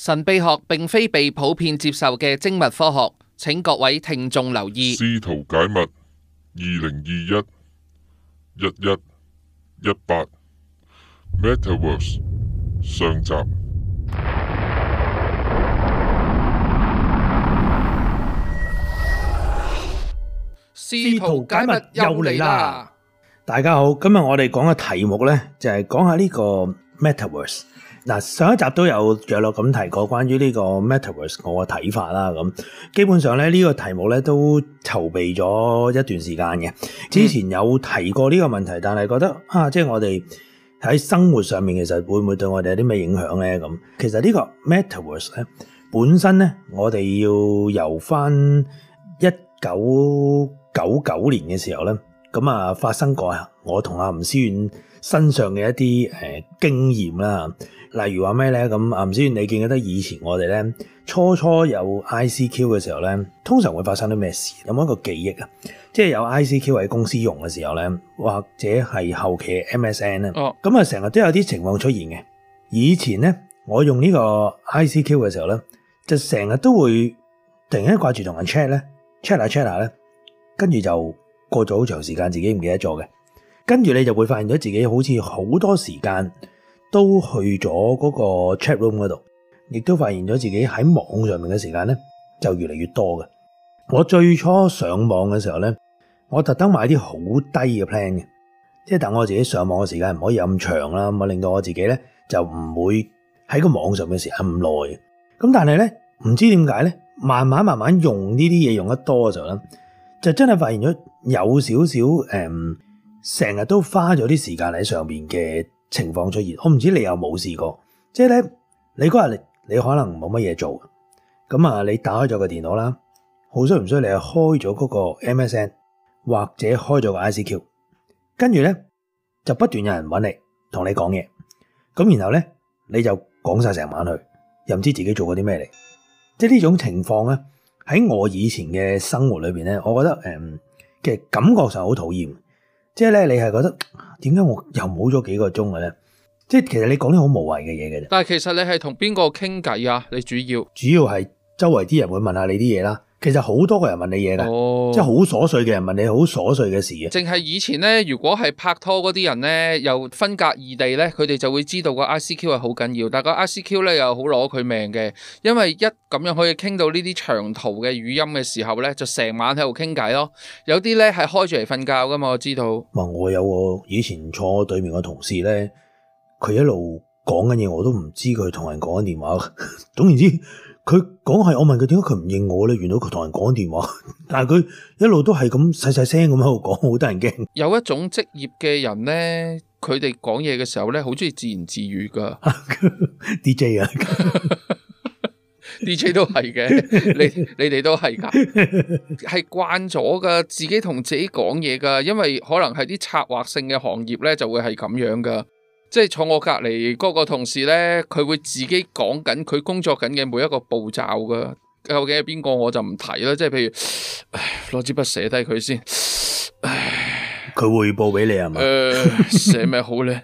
神秘學並非被普遍接受嘅精密科學，請各位聽眾留意。試圖解密二零二一一一一八 Metaverse 上集。試圖解密又嚟啦！大家好，今日我哋講嘅題目呢，就係講下呢個 Metaverse。嗱，上一集都有着落咁提過關於呢個 Metaverse 我嘅睇法啦，咁基本上咧呢個題目咧都籌備咗一段時間嘅。之前有提過呢個問題，但係覺得啊，即係我哋喺生活上面其實會唔會對我哋有啲咩影響咧？咁其實呢個 Metaverse 咧本身咧，我哋要由返一九九九年嘅時候咧。咁啊，發生過啊！我同阿吳思遠身上嘅一啲誒經驗啦，例如話咩咧？咁阿吳思遠，你記得以前我哋咧初初有 ICQ 嘅時候咧，通常會發生啲咩事？有冇一個記憶啊？即係有 ICQ 喺公司用嘅時候咧，或者係後期 MSN 咧，哦，咁啊成日都有啲情況出現嘅。以前咧，我用呢個 ICQ 嘅時候咧，就成日都會突然間掛住同人 check 咧，check check 咧，跟住就。過咗好長時間，自己唔記得咗嘅，跟住你就會發現咗自己好似好多時間都去咗嗰個 chat room 嗰度，亦都發現咗自己喺網上面嘅時間咧就越嚟越多嘅。我最初上網嘅時候咧，我特登買啲好低嘅 plan 嘅，即係等我自己上網嘅時間唔可以咁長啦，咁啊令到我自己咧就唔會喺個網上面嘅時間咁耐。咁但係咧唔知點解咧，慢慢慢慢用呢啲嘢，用得多嘅時候呢。就真係發現咗有少少誒，成日都花咗啲時間喺上面嘅情況出現。我唔知你有冇試過，即係咧，你嗰日你可能冇乜嘢做，咁啊，你打開咗個電腦啦，好衰唔衰？你開咗嗰個 MSN 或者開咗個 ICQ，跟住咧就不斷有人搵你，同你講嘢，咁然後咧你就講晒成晚去，又唔知自己做過啲咩嚟，即係呢種情況咧。在我以前的生活裏面呢，我覺得嗯，其實感覺上好討厭，即、就是呢你是覺得點麼我又冇咗幾個鐘嘅呢，即、就是說其實你講啲好無謂嘅嘢嘅啫。但其實你係同邊個傾偈啊？你主要主要係周圍啲人會問下你啲嘢啦。其實好多個人問你嘢嘅，oh, 即係好瑣碎嘅人問你好瑣碎嘅事啊！淨係以前咧，如果係拍拖嗰啲人咧，又分隔異地咧，佢哋就會知道個 I C Q 係好緊要，但係個 I C Q 咧又好攞佢命嘅，因為一咁樣可以傾到呢啲長途嘅語音嘅時候咧，就成晚喺度傾偈咯。有啲咧係開住嚟瞓覺噶嘛，我知道。我有個以前坐我對面嘅同事咧，佢一路講緊嘢，我都唔知佢同人講緊電話。 總言之。佢講係我問佢點解佢唔認我咧，原來佢同人講電話，但係佢一路都係咁細細聲咁喺度講，好得人驚。有一種職業嘅人咧，佢哋講嘢嘅時候咧，好中意自言自語噶。 D J 啊 ，D J 都係嘅，你你哋都係噶，係慣咗噶，自己同自己講嘢噶，因為可能係啲策劃性嘅行業咧，就會係咁樣噶。即係坐我隔籬嗰個同事咧，佢會自己講緊佢工作緊嘅每一個步驟噶。究竟係邊個我就唔提啦。即係譬如攞支筆寫低佢先，佢匯報畀你係嘛？誒，寫、呃、咩好咧？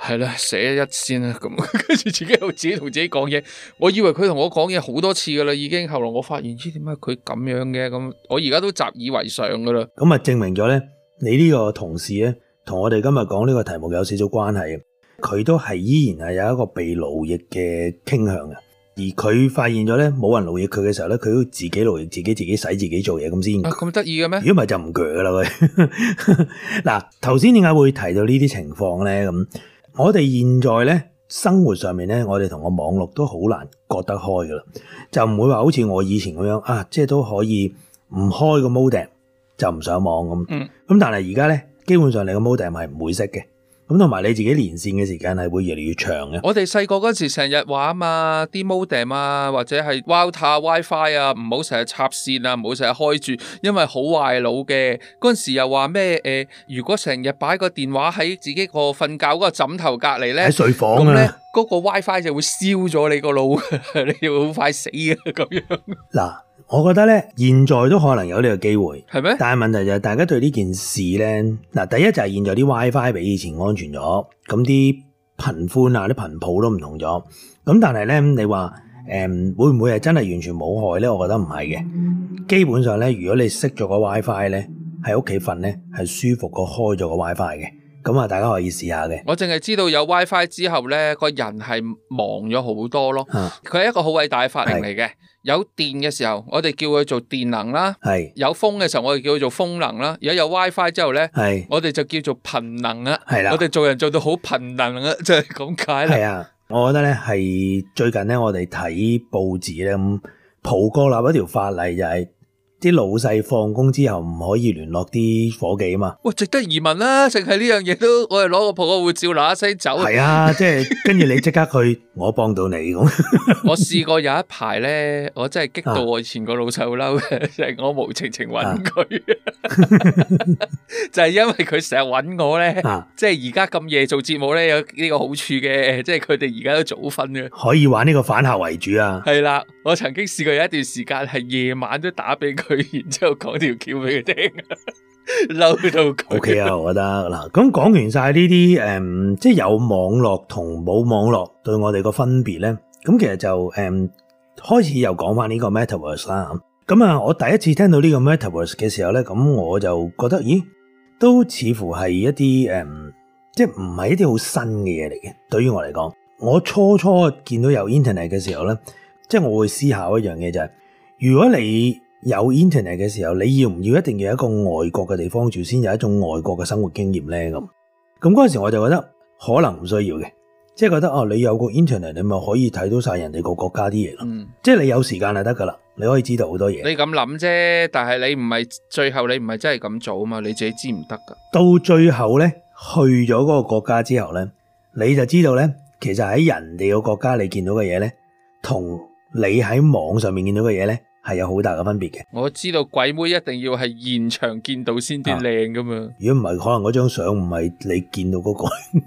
係 啦，寫一先啦。咁跟住自己又自己同自己講嘢。我以為佢同我講嘢好多次噶啦，已經。後來我發現咦，點解佢咁樣嘅，咁我而家都習以為常噶啦。咁啊，證明咗咧，你呢個同事咧，同我哋今日講呢個題目有少少關係，佢都係依然係有一個被奴役嘅傾向自己，自己啊！而佢發現咗咧，冇人勞役佢嘅時候咧，佢都自己勞役自己，自己使自己做嘢咁先咁得意嘅咩？如果唔係就唔鋸噶啦！喂，嗱，頭先點解會提到況呢啲情況？咧？咁我哋現在咧生活上面咧，我哋同個網絡都好難割得開噶啦，就唔會話好似我以前咁樣啊，即係都可以唔開個 modem 就唔上網咁。嗯，咁但係而家咧。基本上你個 modem 係唔會識嘅，咁同埋你自己連線嘅時間係會越嚟越長嘅。我哋細個嗰時成日話啊嘛，啲 modem 啊或者係 router wifi 啊，唔好成日插線啊，唔好成日開住，因為好壞腦嘅。嗰陣時又話咩誒？如果成日擺個電話喺自己個瞓覺嗰個枕頭隔籬咧，喺睡房咧，啊，嗰個 wifi 就會燒咗你個腦，你要好快死啊咁樣。嗱。我覺得呢現在都可能有呢個機會係咩？但是問題就係大家對呢件事呢。第一就係現在啲 WiFi 比以前安全咗，咁啲頻寬呀、啲頻譜都唔同咗，咁但係呢，你話誒、嗯，會唔會係真係完全冇害呢？我覺得唔係嘅，基本上呢，如果你熄咗個 WiFi 呢，喺屋企瞓呢，係舒服過開咗個 WiFi 嘅。咁啊，大家可以試下嘅。我淨係知道有 WiFi 之後咧，個人係忙咗好多咯。佢、啊、係一個好偉大嘅發明嚟嘅。有電嘅時候，我哋叫佢做電能啦。係有風嘅時候，我哋叫佢做風能啦。而家有 WiFi 之後咧，係我哋就叫做頻能啦。係啦，我哋做人做到好頻能啊，就係、是、咁解啦。係啊，我覺得咧係最近咧，我哋睇報紙咧，普哥立一條法例係、就是啲老細放工之後唔可以聯絡啲伙計啊嘛，哇，值得移民啦，淨係呢樣嘢都我係攞個婆個護照嗱一聲走，係啊，即係跟住你即刻去， 我幫到你咁。我試過有一排咧，我真係激到我以前個老細好嬲嘅，就、啊、係 我無情情揾佢、啊 啊，就係因為佢成日揾我咧，即係而家咁夜做節目咧有呢個好處嘅，即係佢哋而家都早瞓嘅，可以玩呢個反客為主啊。係啦，我曾經試過有一段時間係夜晚都打俾佢。然之後講條橋俾佢聽，嬲到 O K 啊，okay，我覺得嗱，咁講完晒呢啲誒，即、嗯、係、就是，有網絡同冇網絡對我哋個分別咧。咁其實就誒、嗯，開始又講翻呢個 Metaverse 啦。咁啊，我第一次聽到呢個 Metaverse 嘅時候咧，咁我就覺得，咦，都似乎係一啲誒，即係唔係一啲好新嘅嘢嚟嘅。對於我嚟講，我初初見到有 Internet 嘅時候咧，即、就、係、是、我會思考一樣嘢就係、是，如果你有 internet 嘅時候，你要唔要一定要一個外國嘅地方住先有一種外國嘅生活經驗呢？咁咁嗰陣時我就覺得可能唔需要嘅，即係覺得哦，你有個 internet 你咪可以睇到晒人哋個國家啲嘢咯，即係你有時間就得噶啦，你可以知道好多嘢。你咁諗啫，但係你唔係最後你唔係真係咁做啊嘛，你自己知唔得噶。到最後呢，去咗嗰個國家之後呢，你就知道呢，其實喺人哋個國家你見到嘅嘢呢，同你喺網上面見到嘅嘢呢，係有好大嘅分別嘅，我知道鬼妹一定要係現場見到先至靚噶嘛。如果唔係，可能嗰張相唔係你見到嗰個，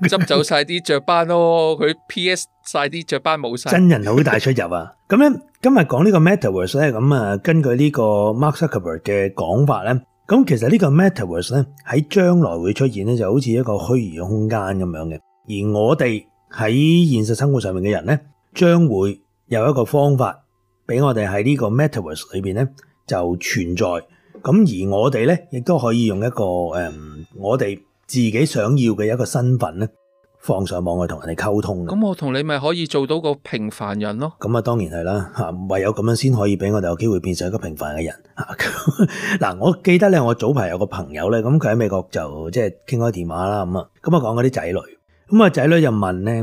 執走晒啲雀斑咯，佢 PS 晒啲雀斑冇晒。真人好大出入啊！咁咧，今日講呢個 Metaverse 咧，咁啊，根據呢個 Mark Zuckerberg 嘅講法咧，咁其實呢個 Metaverse 咧喺將來會出現咧，就好似一個虛擬嘅空間咁樣嘅。而我哋喺現實生活上面嘅人咧，將會有一個方法。俾我哋喺呢個 metaverse 裏邊咧，就存在咁。而我哋咧，亦都可以用一個誒、嗯，我哋自己想要嘅一個身份咧，放上網去同人哋溝通。咁我同你咪可以做到個平凡人咯。咁啊，當然係啦嚇，唯有咁樣先可以俾我哋有機會變成一個平凡嘅人嚇。嗱， 我記得咧，我早排有個朋友咧，咁佢喺美國就即係傾開電話啦，咁啊咁啊講嗰啲仔女咁啊，仔女就問咧，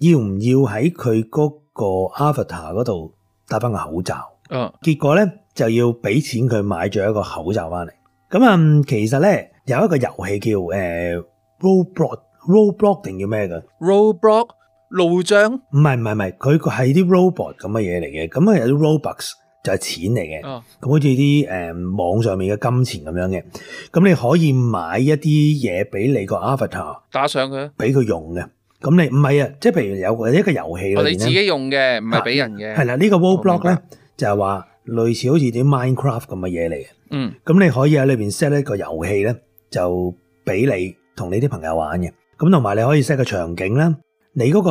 要唔要喺佢嗰個 avatar 嗰度？戴翻個口罩，嗯，結果咧就要俾錢佢買咗一個口罩翻嚟。咁、嗯、啊，其實咧有一個遊戲叫誒 Roblox Roblox 定叫咩嘅？Roblox 路障？唔係唔係唔係，佢個係啲 Roblox 咁嘅嘢嚟嘅。咁啊有啲 Robux 就係錢嚟嘅，咁好似啲誒網上面嘅金錢咁樣嘅。咁你可以買一啲嘢俾你個 avatar 打上去，俾佢用嘅。咁你唔係啊，即係譬如有個一個遊戲嚟嘅，你自己用嘅，唔係俾人嘅。係啦，呢個 Woeblock 咧就係話類似好似啲 Minecraft 咁嘅嘢嚟嘅。嗯，咁你可以喺裏邊 set 一個遊戲咧，就俾你同你啲朋友玩嘅。咁同埋你可以 set 個場景啦，你嗰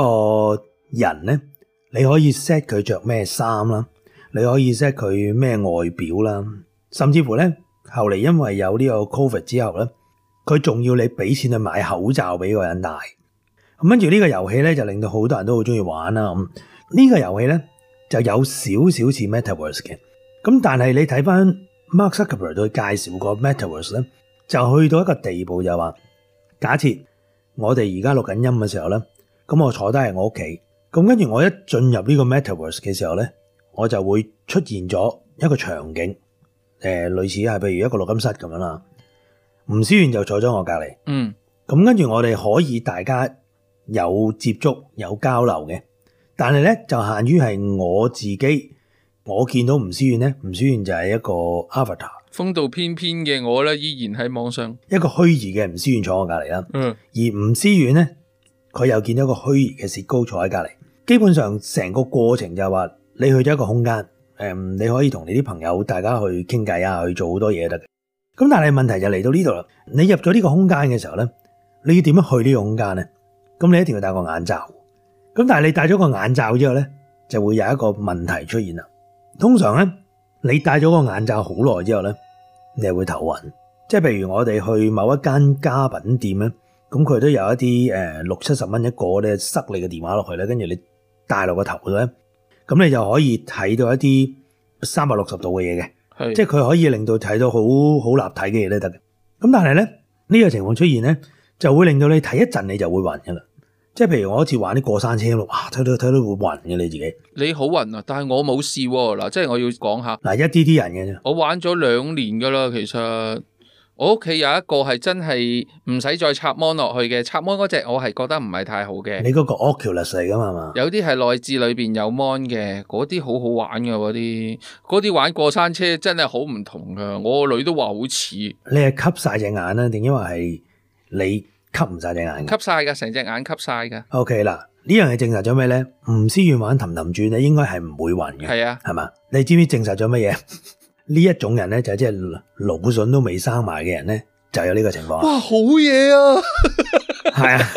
個人咧，你可以 set 佢著咩衫啦，你可以 set 佢咩外表啦，甚至乎咧後嚟因為有呢個 COVID 之後咧，佢仲要你俾錢去買口罩俾個人戴。咁跟住呢個遊戲咧，就令到好多人都好中意玩啦。咁、這、呢個遊戲咧就有少少似 Metaverse 嘅。咁但係你睇翻 Mark Zuckerberg 佢介紹個 Metaverse 咧，就去到一個地步就，就話假設我哋而家錄緊音嘅時候咧，咁我坐低喺我屋企。咁跟住我一進入呢個 Metaverse 嘅時候咧，我就會出現咗一個場景，誒、呃、類似係譬如一個錄音室咁樣啦。吳思源就坐咗我隔離。嗯。咁跟住我哋可以大家。有接觸有交流嘅，但係咧就限於係我自己，我見到吳思遠咧，吳思遠就係一個 avatar，風度翩翩嘅我咧依然喺網上一個虛擬嘅吳思遠坐我隔離啦，嗯，而吳思遠咧佢又見到一個虛擬嘅石高坐喺隔離，基本上成個過程就係話你去咗一個空間，誒、嗯，你可以同你啲朋友大家去傾偈啊，去做好多嘢得嘅。咁但係問題就嚟到呢度啦，你入咗呢個空間嘅時候咧，你要點樣去呢個空間咧？咁你一定要戴個眼罩，咁但係你戴咗個眼罩之後咧，就會有一個問題出現啦。通常咧，你戴咗個眼罩好耐之後咧，你就會頭暈。即係譬如我哋去某一間家，家品店咧，咁佢都有一啲誒六七十蚊一個咧，塞你嘅電話落去咧，跟住你戴落個頭度咧，咁你就可以睇到一啲三百六十度嘅嘢嘅，即係佢可以令到睇到好好立體嘅嘢都得嘅。咁但係咧呢、呢個情況出現咧，就會令到你睇一陣你就會暈噶啦。即係譬如我好似玩啲過山車咯，哇！睇到睇到會暈嘅，你自己。你好暈啊，但係我冇事嗱、啊，即係我要講下嗱、啊，一啲啲人嘅啫。我玩咗兩年噶啦，其實我屋企有一個係真係唔使再插芒落去嘅，插芒嗰隻我係覺得唔係太好嘅。你嗰個 Oculus 嚟㗎噶嘛？有啲係內置裏邊有芒嘅，嗰啲好好玩噶嗰啲，嗰啲玩過山車真係好唔同噶。我女都話好似。你係吸晒隻眼啊？定因為係你？吸唔晒隻眼，吸晒噶，成隻眼吸晒噶。O K 啦，呢樣嘢證實咗咩咧？吳思源玩氹氹轉，你應該係唔會暈嘅。係啊，係嘛？你知唔知證實咗乜嘢？呢 一種人咧，就即係腦囟都未生埋嘅人咧，就有呢個情況哇，好嘢啊！係啊，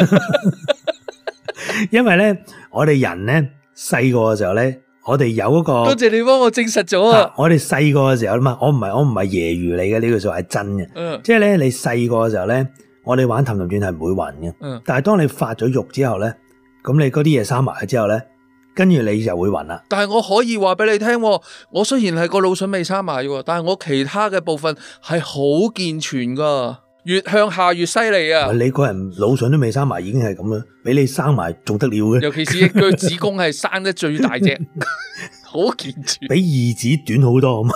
因為咧，我哋人咧細個嘅時候咧，我哋有一、嗰個，多謝你幫我證實咗啊！我哋細個嘅時候嘛，我唔係我唔係揶揄你嘅呢個數係真嘅，即係咧你細個嘅時候咧。我哋玩氹氹轉係唔會暈嘅，嗯，但係當你發咗肉之後咧，咁你嗰啲嘢生埋之後咧，跟住你就會暈啦。但係我可以話俾你聽，我雖然係個腦筍未生埋嘅，但係我其他嘅部分係好健全噶越向下越犀利啊！你個人腦筍都未生埋，已經係咁啦，俾你生埋仲得了嘅？尤其是個子宮係生得最大隻，好 健全，比二子短好多嘛。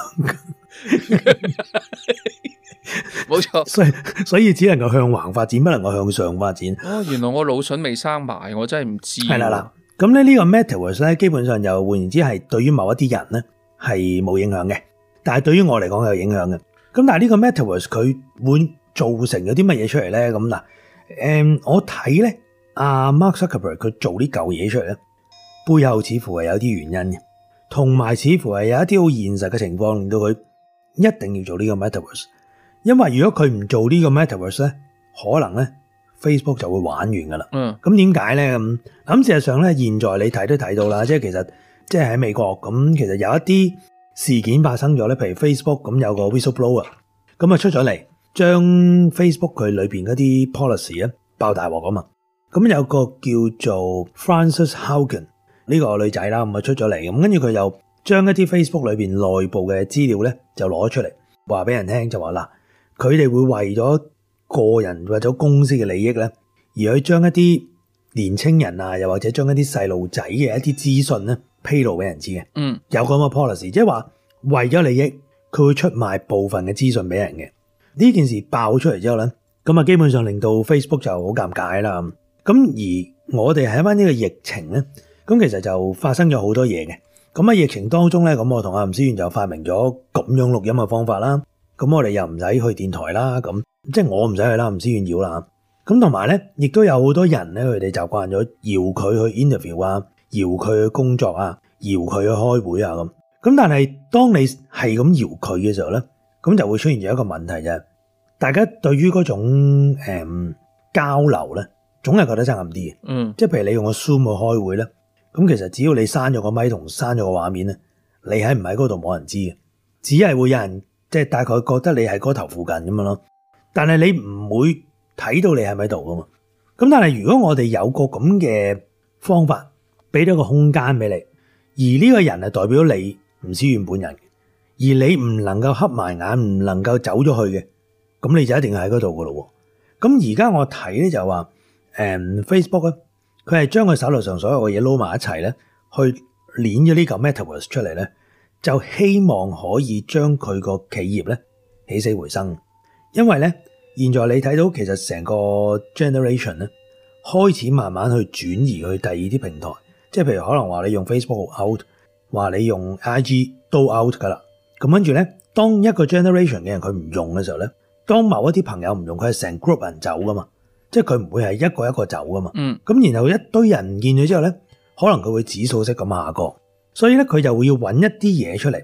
冇錯，所以所以只能夠向橫發展，不能夠向上發展。哦，原來我腦筍未生埋，我真係唔知。係啦啦，咁咧呢個 metaverse 咧，基本上就換言之係對於某一啲人咧係冇影響嘅，但係對於我嚟講有影響嘅。咁但係呢個 metaverse 佢會造成咗啲乜嘢出嚟咧？咁嗱，誒、嗯，我睇咧阿 Mark Zuckerberg 佢做呢舊嘢出嚟咧，背後似乎係有啲原因嘅，同埋似乎係有一啲好現實嘅情況令到佢。一定要做呢個 metaverse，因為如果佢唔做呢個 metaverse 咧，可能咧 Facebook 就會玩完噶啦。嗯，咁點解咧？咁咁事實上咧，現在你睇都睇到啦，即係其實即係喺美國咁，其實有一啲事件發生咗咧，譬如 Facebook 咁有個 whistleblower 咁啊出咗嚟，將 Facebook 佢裏面嗰啲 policy 啊爆大鑊啊嘛。咁有個叫做 Frances Haugen 呢個女仔啦，咁啊出咗嚟，咁跟住佢又。將一啲 Facebook 裏面內部嘅資料咧，就攞出嚟話俾人聽，就話啦，佢哋會為咗個人或者公司嘅利益咧，而去將一啲年青人啊，又或者將一啲細路仔嘅一啲資訊咧披露俾人知嘅。嗯，有咁嘅 policy，即係話為咗利益，佢會出賣部分嘅資訊俾人嘅。呢件事爆出嚟之後咧，咁啊基本上令到 Facebook 就好尷尬啦。咁而我哋喺翻呢個疫情咧，咁其實就發生咗好多嘢嘅。咁啊，疫情當中咧，咁我同阿吳思遠就發明咗咁樣錄音嘅方法啦。咁我哋又唔使去電台啦。咁即係我唔使去啦，吳思遠要啦。咁同埋咧，亦都有好多人咧，佢哋習慣咗搖佢去 interview 啊，搖佢去工作啊，搖佢去開會啊咁。咁但係當你係咁搖佢嘅時候咧，咁就會出現咗一個問題就係，大家對於嗰種誒交流咧，總係覺得生硬啲嘅。嗯，即係、嗯、譬如你用個 Zoom 去開會咧。咁其實只要你刪咗個咪同刪咗個畫面咧，你喺唔喺嗰度冇人知嘅，只係會有人即係大概覺得你喺嗰頭附近咁樣咯。但係你唔會睇到你喺咪度噶嘛。咁但係如果我哋有個咁嘅方法，俾到個空間俾你，而呢個人係代表你唔似原本人，而你唔能夠瞌埋眼，唔能夠走咗去嘅，咁你就一定係喺嗰度噶咯。咁而家我睇咧就話，嗯，Facebook，啊佢係將佢手頭上所有嘅嘢撈埋一齊咧，去鏈咗呢個 Metaverse 出嚟咧，就希望可以將佢個企業咧起死回生。因為咧，現在你睇到其實成個 generation 咧開始慢慢去轉移去第二啲平台，即係譬如可能話你用 Facebook out，話你用 IG 都 out 噶啦。咁跟住咧，當一個 generation 嘅人佢唔用嘅時候咧，當某一啲朋友唔用佢係成 group 人走噶嘛。即係佢唔會係一個一個走噶嘛，咁然後一堆人見咗之後咧，可能佢會指數式咁下降，所以咧佢就會要搵一啲嘢出嚟，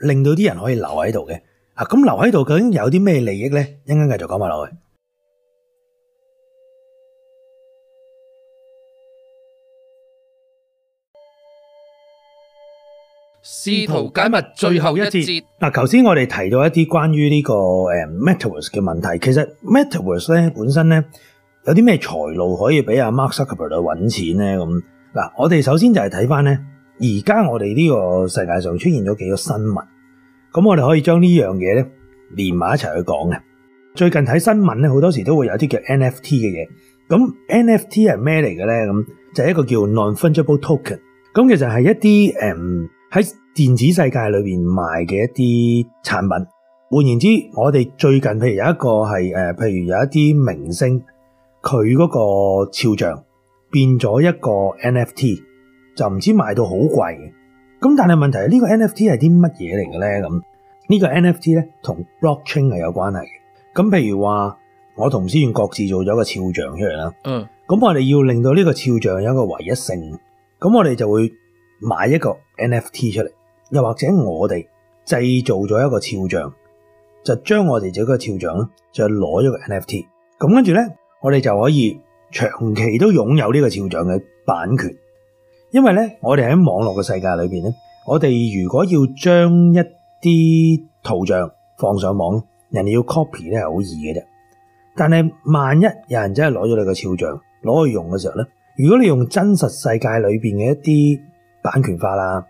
令到啲人可以留喺度嘅啊。咁留喺度究竟有啲咩利益咧？一陣間繼續講埋落去，試圖解密最後一節。嗱，頭先我哋提到一啲關於呢個誒 Metaverse 嘅問題，其實 Metaverse 咧本身咧。有啲咩財路可以俾阿 Mark Zuckerberg 去揾錢咧？咁嗱，我哋首先就係睇翻咧，而家我哋呢個世界上出現咗幾個新聞，咁我哋可以將呢樣嘢咧連埋一齊去講嘅。最近睇新聞咧，好多時都會有啲叫 NFT 嘅嘢。咁 NFT 係咩嚟嘅咧？咁就係、是、一個叫 Non-Fungible Token，咁其實係一啲誒喺電子世界裏邊賣嘅一啲產品。換言之，我哋最近譬如有一個係，譬如有一啲明星。佢嗰個肖像變咗一個 NFT，就唔知賣到好貴嘅。咁但係問題呢個 NFT 係啲乜嘢嚟嘅咧？咁呢個 NFT 咧同 blockchain 係有關係嘅。咁譬如話，我同思源各自做咗一個肖像出嚟啦。嗯。咁我哋要令到呢個肖像有一個唯一性，咁我哋就會買一個 NFT 出嚟，又或者我哋製造咗一個肖像，就將我哋自己嘅肖像咧就攞咗個 NFT。咁跟住咧。我哋就可以長期都擁有呢個肖像嘅版權，因為呢，我哋喺網絡嘅世界裏面，呢我哋如果要將一啲圖像放上網，人哋要 copy 呢係好易嘅啫。但係萬一有人真係攞咗你嘅肖像攞去用嘅時候呢，如果你用真實世界裏面嘅一啲版權化啦，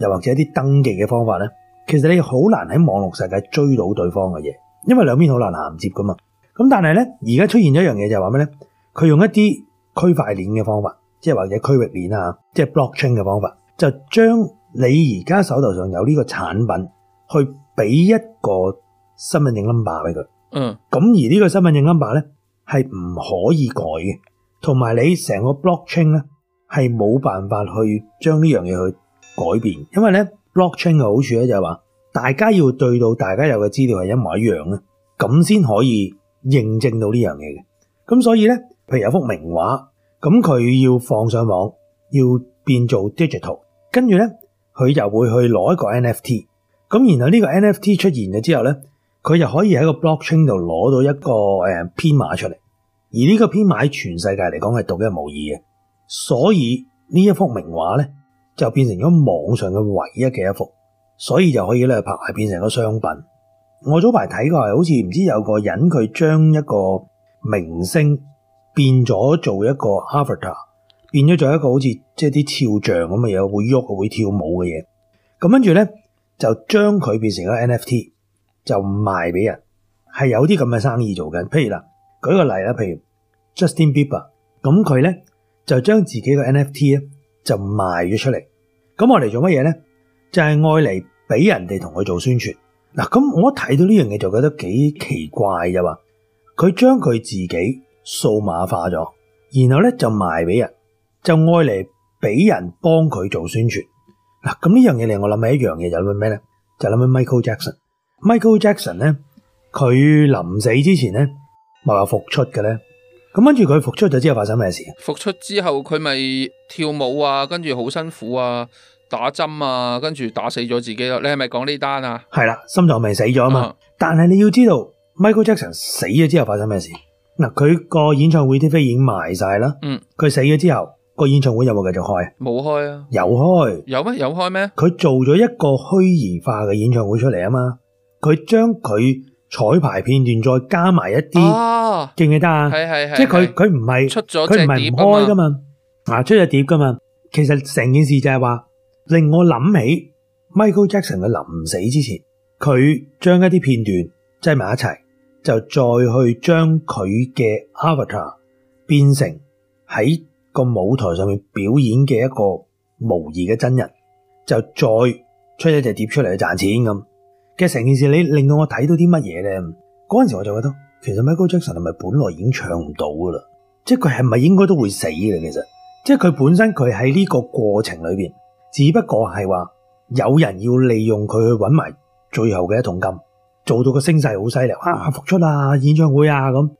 又或者一啲登記嘅方法呢，其實你好難喺網絡世界追到對方嘅嘢，因為兩邊好難銜接㗎嘛。咁但係咧，而家出現咗一樣嘢，就係話咩咧？佢用一啲區塊鏈嘅方法，即係或者區域鏈啊，即係 blockchain 嘅方法，就將你而家手頭上有呢個產品，去俾一個身份證 number 俾佢。嗯。咁而呢個身份證 number 咧，係唔可以改嘅。同埋你成個 blockchain 咧，係冇辦法去將呢樣嘢去改變，因為咧 blockchain 嘅好處咧就係話，大家要對到大家有嘅資料係一模一樣啊，咁先可以。認證到呢樣嘢嘅，咁所以呢，譬如有幅名畫，咁佢要放上網，要變做 digital，跟住呢，佢就會去攞一個 NFT，咁然後呢個 NFT 出現咗之後呢，佢就可以喺個 blockchain 度攞到一個誒編碼出嚟，而呢個編碼喺全世界嚟講係獨一無二嘅，所以呢一幅名畫呢，就變成咗網上嘅唯一嘅一幅，所以就可以咧拍變成個商品。我早排睇過，係好似唔知有個人佢將一個明星變咗做一個 avatar 變咗做一個好似即係啲跳像咁嘅嘢，會喐會跳舞嘅嘢。咁跟住咧就將佢變成一個 NFT，就賣俾人，係有啲咁嘅生意做緊。譬如啦，舉個例啦，譬如 Justin Bieber，咁佢咧就將自己嘅 NFT 咧就賣咗出嚟。咁我嚟做乜嘢咧？就係愛嚟俾人哋同佢做宣傳。嗱，咁我睇到呢樣嘢就覺得幾奇怪咋嘛？佢將佢自己數碼化咗，然後咧就賣俾人，就人就，就愛嚟俾人幫佢做宣傳。嗱，咁呢樣嘢令我諗起一樣嘢就諗咩咧？就諗起 Michael Jackson。Michael Jackson 咧，佢臨死之前咧，咪話復出嘅咧？咁跟住佢復出就之後發生咩事？復出之後佢咪跳舞啊，跟住好辛苦啊。打針啊，跟住打死咗自己咯。你係咪講呢單啊？係啦，心臟病死咗啊嘛。嗯、但係你要知道，Michael Jackson 死咗之後發生咩事？嗱，佢個演唱會啲飛已經埋晒啦。嗯，佢死咗之後，個演唱會有冇繼續開？冇開啊，又開有開有咩？有開咩？佢做咗一個虛擬化嘅演唱會出嚟啊嘛。佢將佢彩排片段再加埋一啲，記唔記得啊？係係係，是是是是，即係佢佢唔係出咗隻碟啊嘛。啊，出咗碟噶嘛。其實成件事就係話，令我諗起 Michael Jackson 嘅臨死之前，佢將一啲片段擠埋一齊，就再去將佢嘅 Avatar 變成喺個舞台上面表演嘅一個模擬嘅真人，就再出一隻碟出嚟去賺錢。咁其實成件事，你令到我睇到啲乜嘢咧？嗰陣時我就覺得，其實 Michael Jackson 係咪本來已經唱唔到噶啦？即係佢係咪應該都會死嘅？其實，即係佢本身佢喺呢個過程裏邊。只不過係話有人要利用佢去揾埋最後嘅一桶金，做到個聲勢好犀利，啊，哇復出啊，演唱會啊咁，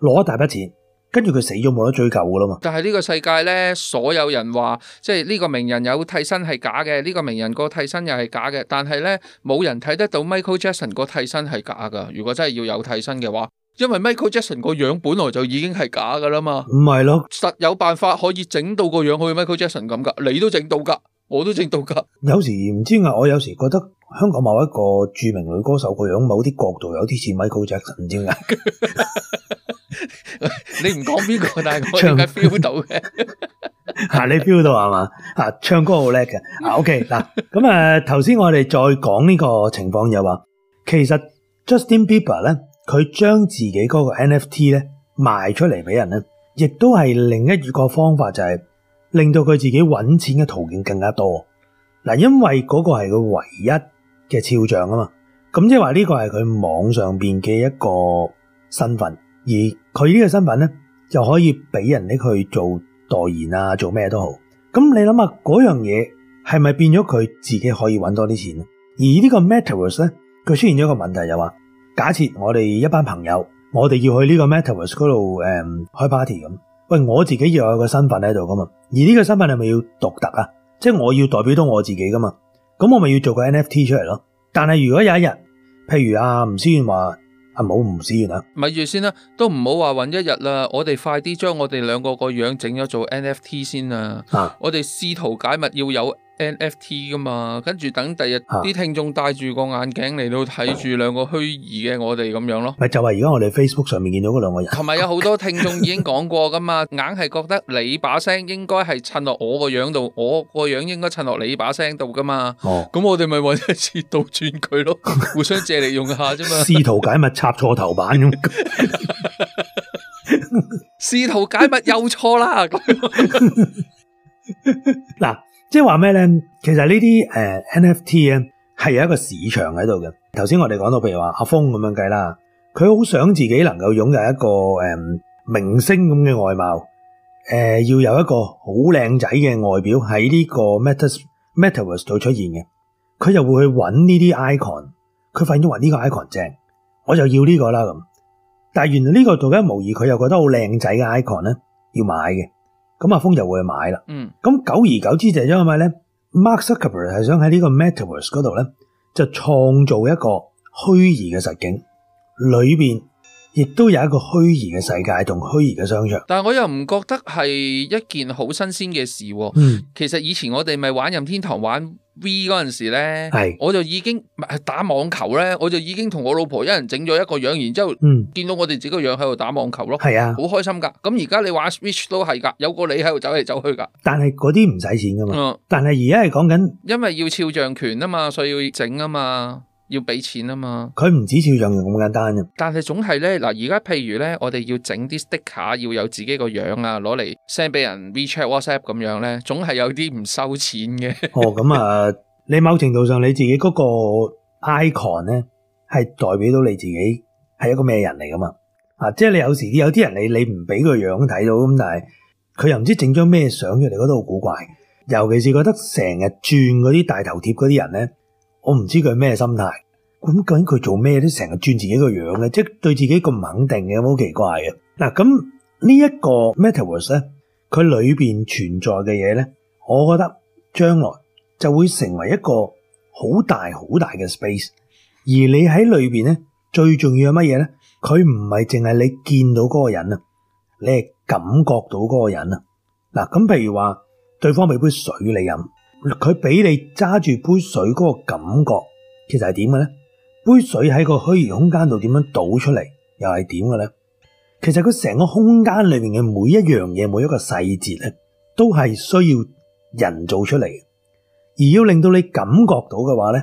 攞一大筆錢，跟住佢死咗冇得追究噶啦嘛。但係呢個世界呢，所有人話即係呢個名人有替身係假嘅，呢個名人個替身又係假嘅，但係呢，冇人睇得到 Michael Jackson 個替身係假噶。如果真係要有替身嘅話，因為 Michael Jackson 個樣本來就已經係假噶啦嘛。唔係咯，實有辦法可以整到個樣好似 Michael Jackson 咁噶，你都整到噶。我都正到㗎。有時唔知點解，我有時覺得香港某一個著名女歌手個樣，某啲角度有啲似米高積遜，唔知點解、 啊。你唔講邊個，但係我而家 feel 到嘅。你 feel 到係嘛？唱歌好叻嘅。啊，OK 嗱，咁啊，頭先我哋再講呢個情況就話，其實 Justin Bieber 咧，佢將自己嗰個 NFT 咧賣出嚟俾人咧，亦都係另一一個方法就係、是。令到佢自己揾錢嘅途徑更加多嗱，因為嗰個係佢唯一嘅肖像啊嘛，咁即係話呢個係佢網上邊嘅一個身份，而佢呢個身份呢，就可以俾人攞去做代言啊，做咩都好。咁你諗下嗰樣嘢係咪變咗佢自己可以揾多啲錢？而呢個 Metaverse 呢，佢出現咗一個問題就話，假設我哋一班朋友，我哋要去呢個 Metaverse 嗰度誒開 party 咁。喂，我自己要有個身份喺度噶嘛，而呢個身份係咪要獨特啊？即係我要代表到我自己噶嘛，咁我咪要做個 NFT 出嚟咯。但係如果有一日，譬如阿吳思遠話，係冇吳思遠啊，咪住先啦，都唔好話揾一日啦，我哋快啲將我哋兩個個樣整咗做，做 NFT 先啦、啊。我哋試圖解密要有。NFT 噶嘛，跟住等第日啲、啊、聽眾戴住個眼鏡嚟到睇住兩個虛擬嘅我哋咁樣咯。咪就係而家我哋 Facebook 上面見到嗰兩個人。同埋有好多聽眾已經講過噶嘛，硬 係覺得你把聲應該係襯落我個樣度，我個樣應該襯落你把聲度噶嘛。哦，咁我哋咪搵一次倒轉佢咯， 互相借嚟用下啫嘛。試圖解密插錯頭版，試 圖解密又錯啦。嗱。 即係話咩咧？其實呢啲誒 NFT 啊，係有一個市場喺度嘅。頭先我哋講到，譬如話阿峰咁樣計啦，佢好想自己能夠擁有一個誒明星咁嘅外貌，誒要有一個好靚仔嘅外表喺呢個 Metaverse Metaverse 度出現嘅，佢就會去揾呢啲 icon，佢發現咗話呢個 icon 正，我就要呢個啦咁。但係原來呢個大家無疑佢又覺得好靚仔嘅 icon 咧，要買嘅。咁阿峰就會去買啦。嗯，咁久而久之就因為咧，Mark Zuckerberg 係想喺呢個 Metaverse 嗰度咧，就創造一個虛擬嘅實景，裏邊亦都有一個虛擬嘅世界同虛擬嘅商場。但係我又唔覺得係一件好新鮮嘅事啊。嗯，其實以前我哋咪玩任天堂玩。V 嗰陣時咧，係，我就已經打網球咧，我就已經同我老婆一人整咗一個樣，然之後見到我哋自己個樣喺度打網球咯，啊、嗯，好開心噶。咁而家你玩 Switch 都係噶，有個你喺度走嚟走去噶。但係嗰啲唔使錢噶嘛。嗯、但係而家係講緊，因為要肖像權啊嘛，所以要整啊嘛。要俾錢啊嘛！佢唔止肖像咁簡單嘅，但係總係咧嗱，而家譬如咧，我哋要整啲 sticker，要有自己個樣啊，攞嚟 send 俾人 WeChat、WhatsApp 咁樣咧，總係有啲唔收錢嘅。 哦，咁啊，你某程度上你自己嗰個 icon 咧，係代表到你自己係一個咩人嚟噶嘛？啊，即係你有時有啲人你你唔俾個樣睇到咁，但係佢又唔知整張咩相出嚟，覺得好古怪。尤其是覺得成日轉嗰啲大頭貼嗰啲人咧。我唔知佢咩心態，咁究竟佢做咩都成日轉自己個樣嘅，即係對自己咁唔肯定嘅，好奇怪嘅。嗱，咁呢一個 Metaverse 咧，佢裏邊存在嘅嘢咧，我覺得將來就會成為一個好大好大嘅 space，而你喺裏邊咧，最重要係乜嘢咧？佢唔係淨係你見到嗰個人啊，你係感覺到嗰個人啊。嗱，咁譬如話，對方俾杯水你飲。佢俾你揸住杯水嗰個感覺，其實係點嘅咧？杯水喺個虛擬空間度點樣倒出嚟，又係點嘅咧？其實佢成個空間裏面嘅每一樣嘢，每一個細節咧，都係需要人做出嚟嘅。而要令到你感覺到嘅話咧，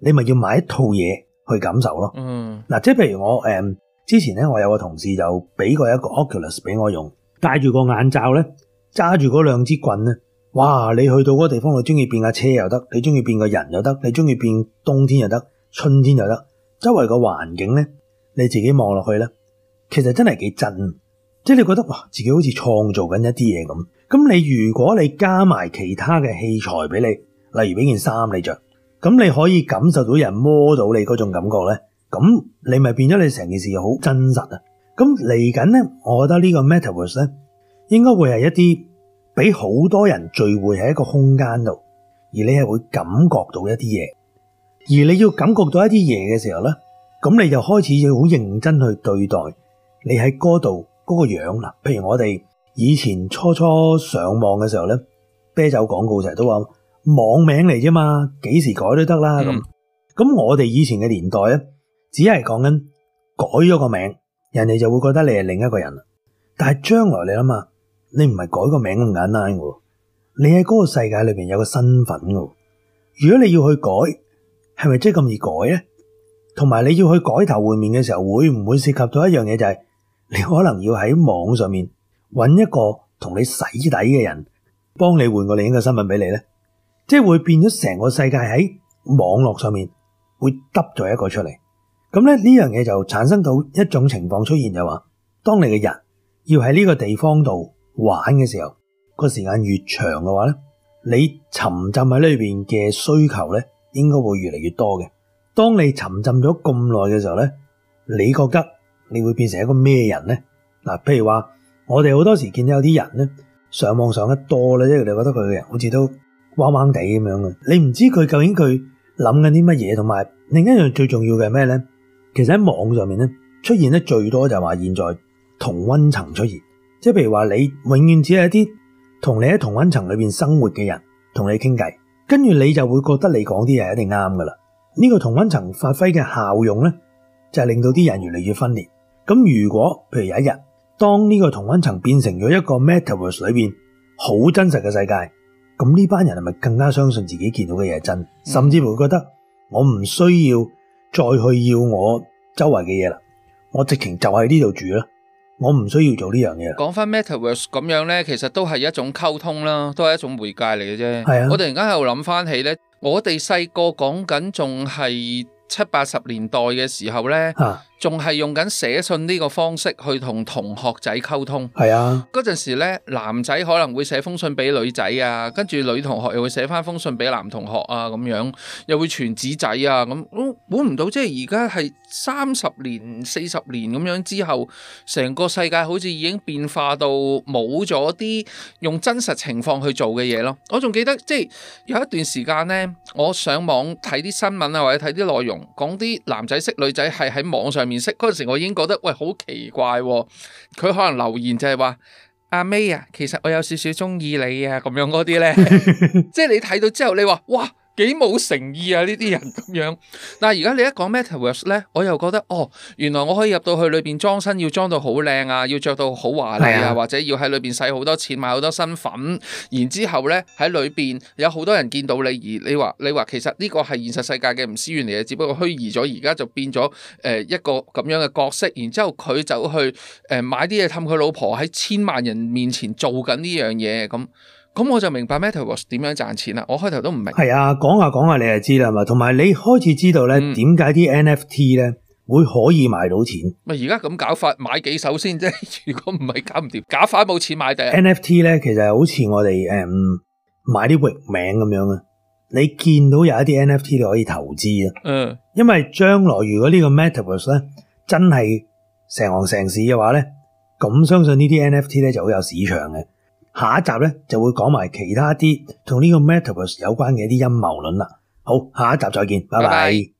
你咪要買一套嘢去感受咯。嗯，嗱，即係譬如我誒，之前咧我有個同事就俾過一個 Oculus 俾我用，戴住個眼罩咧，揸住嗰兩支棍咧。哇！你去到嗰個地方，你中意變架車又得，你中意變個人又得，你中意變冬天又得，春天又得，周圍個環境呢，你自己望落去呢，其實真係幾真，即係你覺得哇，自己好似創造緊一啲嘢咁。咁你如果你加埋其他嘅器材俾你，例如俾件衫你着，咁你可以感受到人摸到你嗰種感覺呢。咁你咪變咗你成件事好真實啊！咁嚟緊呢，我覺得呢個 Metaverse 呢，應該會係一啲。俾好多人聚會喺一個空間度，而你係會感覺到一啲嘢，而你要感覺到一啲嘢嘅時候咧，咁你就開始要好認真去對待你喺嗰度嗰個樣啦。譬如我哋以前初初上網嘅時候咧，啤酒廣告成日都話網名嚟啫嘛，幾時改都得啦。咁、嗯、咁我哋以前嘅年代咧，只係講緊改咗個名，人哋就會覺得你係另一個人。但係將來你諗下。你唔係改個名咁簡單噶，你喺嗰個世界裏邊有個身份噶。如果你要去改，係咪真係咁易改咧？同埋你要去改頭換面嘅時候，會唔會涉及到一樣嘢？就係你可能要喺網上面揾一個同你洗底嘅人，幫你換個另一個身份俾你咧。即係會變咗成個世界喺網絡上面會揼咗一個出嚟。咁咧呢樣嘢就產生到一種情況出現，就話當你嘅人要喺呢個地方度。玩嘅時候，個時間越長嘅話咧，你沉浸喺呢邊嘅需求咧，應該會越嚟越多嘅。當你沉浸咗咁耐嘅時候咧，你覺得你會變成一個咩人咧？嗱，譬如話我哋好多時見到有啲人咧，上網上得多咧，即係你覺得佢嘅人好似都掹掹地咁樣嘅。你唔知佢究竟佢諗緊啲乜嘢，同埋另一樣最重要嘅係咩咧？其實喺網上面咧，出現得最多就係話現在同溫層出現。即係譬如話，你永遠只係一啲同你喺同溫層裏邊生活嘅人同你傾偈，跟住你就會覺得你講啲嘢一定啱噶啦。呢個同溫層發揮嘅效用咧，就係令到啲人越嚟越分裂。咁如果譬如有一日，當呢個同溫層變成咗一個 Metaverse 裏邊好真實嘅世界，咁呢班人係咪更加相信自己見到嘅嘢真？甚至會覺得我唔需要再去要我周圍嘅嘢啦，我直情就喺呢度住啦。我唔需要做呢樣嘢。講翻 Metaverse 咁樣呢，其實都係一種溝通啦，都係一種媒介嚟嘅啫。係啊，我突然間喺度諗翻起呢，我哋細個講緊仲係七八十年代嘅時候呢，啊仲係用緊寫信呢個方式去同同學仔溝通，係啊。嗰陣時咧，男仔可能會寫封信俾女仔啊，跟住女同學又會寫翻封信俾男同學啊，咁樣又會傳紙仔啊，咁我估唔到，即係而家係三十年、四十年咁樣之後，成個世界好似已經變化到冇咗啲用真實情況去做嘅嘢咯。我仲記得即係有一段時間咧，我上網睇啲新聞啊，或者睇啲內容，講啲男仔識女仔係喺網上。面色嗰陣時，我已經覺得喂，好奇怪喎、哦，佢可能留言就係話：阿 May 啊，其實我有少少中意你啊，咁樣嗰啲咧，即係你睇到之後你說，你話哇。幾冇誠意啊！呢啲人咁樣，但係而家你一講 Metaverse 咧，我又覺得哦，原來我可以入到去裏面裝身，要裝到好靚啊，要着到好華麗啊，或者要喺裏面使好多錢買好多身份。然之後咧喺裏面有好多人見到你，而你話你話其實呢個係現實世界嘅唔思源嚟嘅，只不過虛擬咗，而家就變咗、呃、一個咁樣嘅角色，然之後佢走去誒、呃、買啲嘢氹佢老婆，喺千萬人面前做緊呢樣嘢咁。咁我就明白 Metaverse 點樣賺錢啦！我開頭都唔明。係啊，講下講下你就知啦，係嘛？同埋你開始知道咧點解啲 NFT 咧會可以賣到錢。咪而家咁搞法，買幾手先啫？即係如果唔係，搞唔掂，假翻冇錢買地。NFT 咧，其實好似我哋誒買啲域名咁樣啊！你見到有一啲 NFT 你可以投資啊！嗯，因為將來如果呢個 Metaverse 咧真係成行成市嘅話咧，咁相信呢啲 NFT 咧就好有市場嘅。下一集呢，就會講埋其他啲同呢個 Metaverse 有關嘅一啲陰謀論啦。好，下一集再見，拜拜。拜拜。